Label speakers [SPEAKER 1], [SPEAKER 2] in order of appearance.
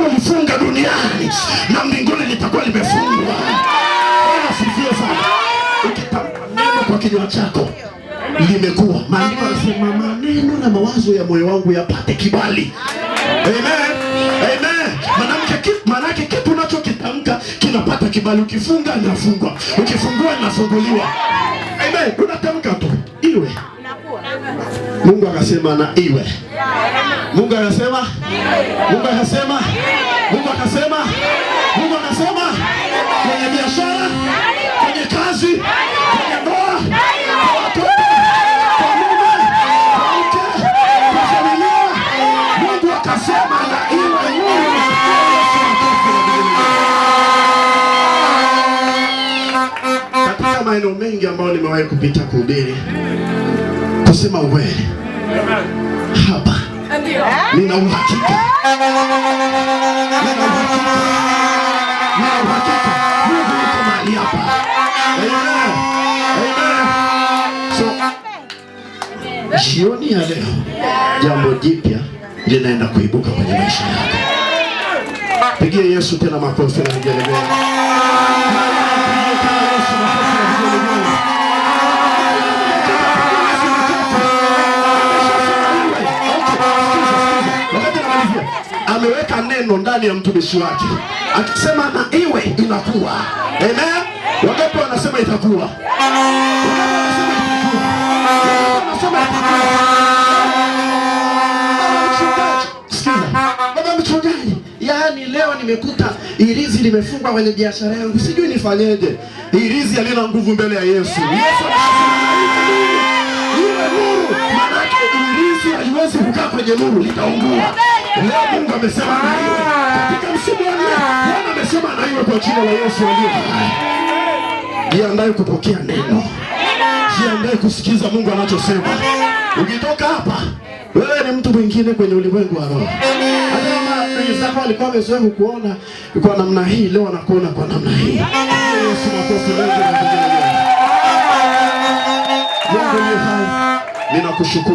[SPEAKER 1] mfunga duniani na mbinguni litakuwa limefungwa. Asifiwe sana. Ukitamka neno kwa kinywa chako limekuwa. Maandiko yanasema maneno na mawazo ya moyo wangu yapate kibali. Amen. Amen. Maanake kitu unachokitamka kinapata kibali. Ukifunga inafungwa, ukifungua inafunguliwa. Amen. Mungu akasema na iwe. Mungu akasema, Mungu akasema, Mungu akasema, Mungu akasema, kwenye biashara, kwenye kazi, kwenye ndoa, kwa watoto, kwa mke, kwa familia, Mungu akasema na iwe. Katika maeneo mengi ambayo nimewahi kupita kuhubiri, kusema uwe hapa nina uhakika Jioni ya leo jambo jipya linaenda kuibuka kwenye maisha yako. Pigie Yesu tena makofi na vigelegele. ameweka neno ndani ya mtumishi wake, akisema na iwe inakuwa. Amen. Wangapi wanasema itakuwa? yaani leo nimekuta irizi limefungwa kwenye biashara yangu, sijui nifanyeje. Irizi halina nguvu mbele ya Yesu. Yesu iwe nuru, maanake irizi haliwezi kukaa kwenye nuru, litaungua. Leo Mungu amesema katika msimu wa leo, Bwana amesema na iwe kwa jina la Yesu aliye hai. Jiandae kupokea neno, jiandae kusikiza Mungu anachosema. Ukitoka hapa, wewe ni mtu mwingine kwenye ulimwengu wa roho. Hata alikuwa amezoea kukuona kwa namna hii, leo anakuona kwa namna hii. Yesu makofi mengi Ninakushukuru.